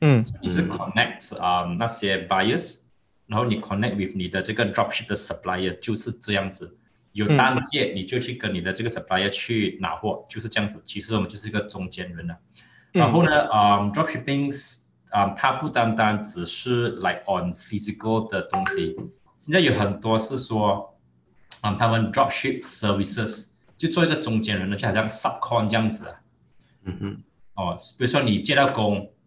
嗯，你是 connect 啊那些 buyers，然後你 connect with 你的這個 dropship 的 supplier 就是這樣子，有單件你就去跟你的這個 supplier 去拿貨，就是這樣子。其實我們就是一個中間人啦。嗯。然後呢，嗯，dropshipping，嗯，它不單單只是 like on physical 的東西，現在有很多是說，嗯，他們 dropship services 就做一個中間人啦，就好像 subcon 這樣子啊。嗯哼。哦，譬如說你接到工。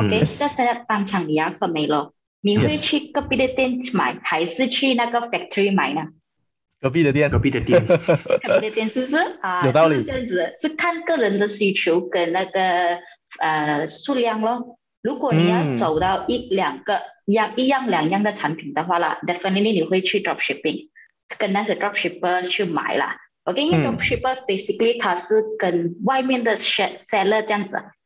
O.K.，即係 Yes. 當場你要咁沒了，你會去隔壁的店去買，還是去那個 factory 買呢？隔壁的店， 隔壁的店。隔壁的店，是不是啊？有道理。就係這樣子，是看個人的需求跟那個呃數量咯。如果你要走到一兩個一樣、嗯、一樣兩樣的產品的話啦，definitely、嗯、你會去 dropshipping，跟那些 dropshipper 去買啦。我、okay, 講嘅、嗯、dropshipper，basically 它是跟外面的 seller h 這樣子。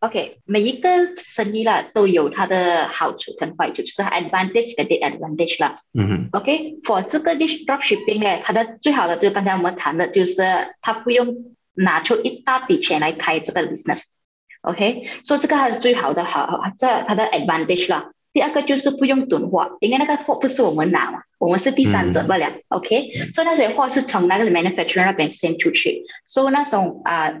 ok 每一個生意啦都有它的好處同壞處，即、就、係、是、advantage 同 disadvantage 啦。嗯哼、mm。Hmm. ok for 這個啲 dropshipping 呢，它的最好的就是剛才我們談的，就是它不用拿出一大筆錢來開這個 business。ok，所、so, 以這個還是最好的，好，這係它的 advantage 啦。第二個就是不用囤貨，因為那個貨不是我們拿嘛，我們是第三者嘛，了。ok，所以那些貨是從那個 manufacturer 那邊先出去，所以呢種啊。Uh,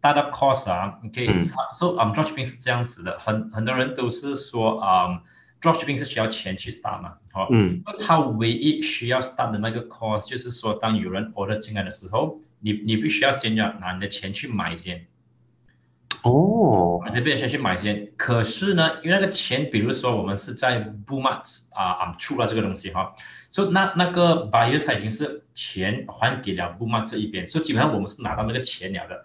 startup cost 啊，OK，所以、嗯 so, um dropshipping 是這樣子的，很很多人都是說啊 dropshipping 是需要錢去 start 嘛，好、哦，嗯，佢佢、so、唯一需要 start 的那個 cost 就是說當有人 order 進來的時候，你你必須要先要拿你的錢去買先，哦，先俾啲錢去買先，可是呢，因為那個錢，比如說我們是在 Bumart 啊，I'm true 啦，這個東西哈，所、哦、以、so, 那那個 buyer 已經是錢還給了 Bumart 這一邊，所以基本上我們是拿到那個錢了的。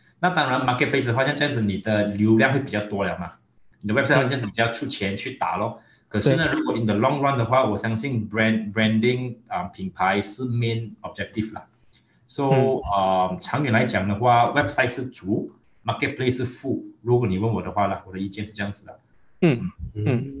那當然 marketplace 的話，像這樣子，你的流量會比較多了嘛，你的 website 呢就比較出錢去打咯。可是呢，對如果 in the long run 的話，我相信 brand branding 啊、呃、品牌是 main objective 啦。So 啊、嗯呃，長遠來講的話 website 是主，marketplace 是副。如果你問我的話呢，我的意見是這樣子的。嗯嗯。嗯嗯。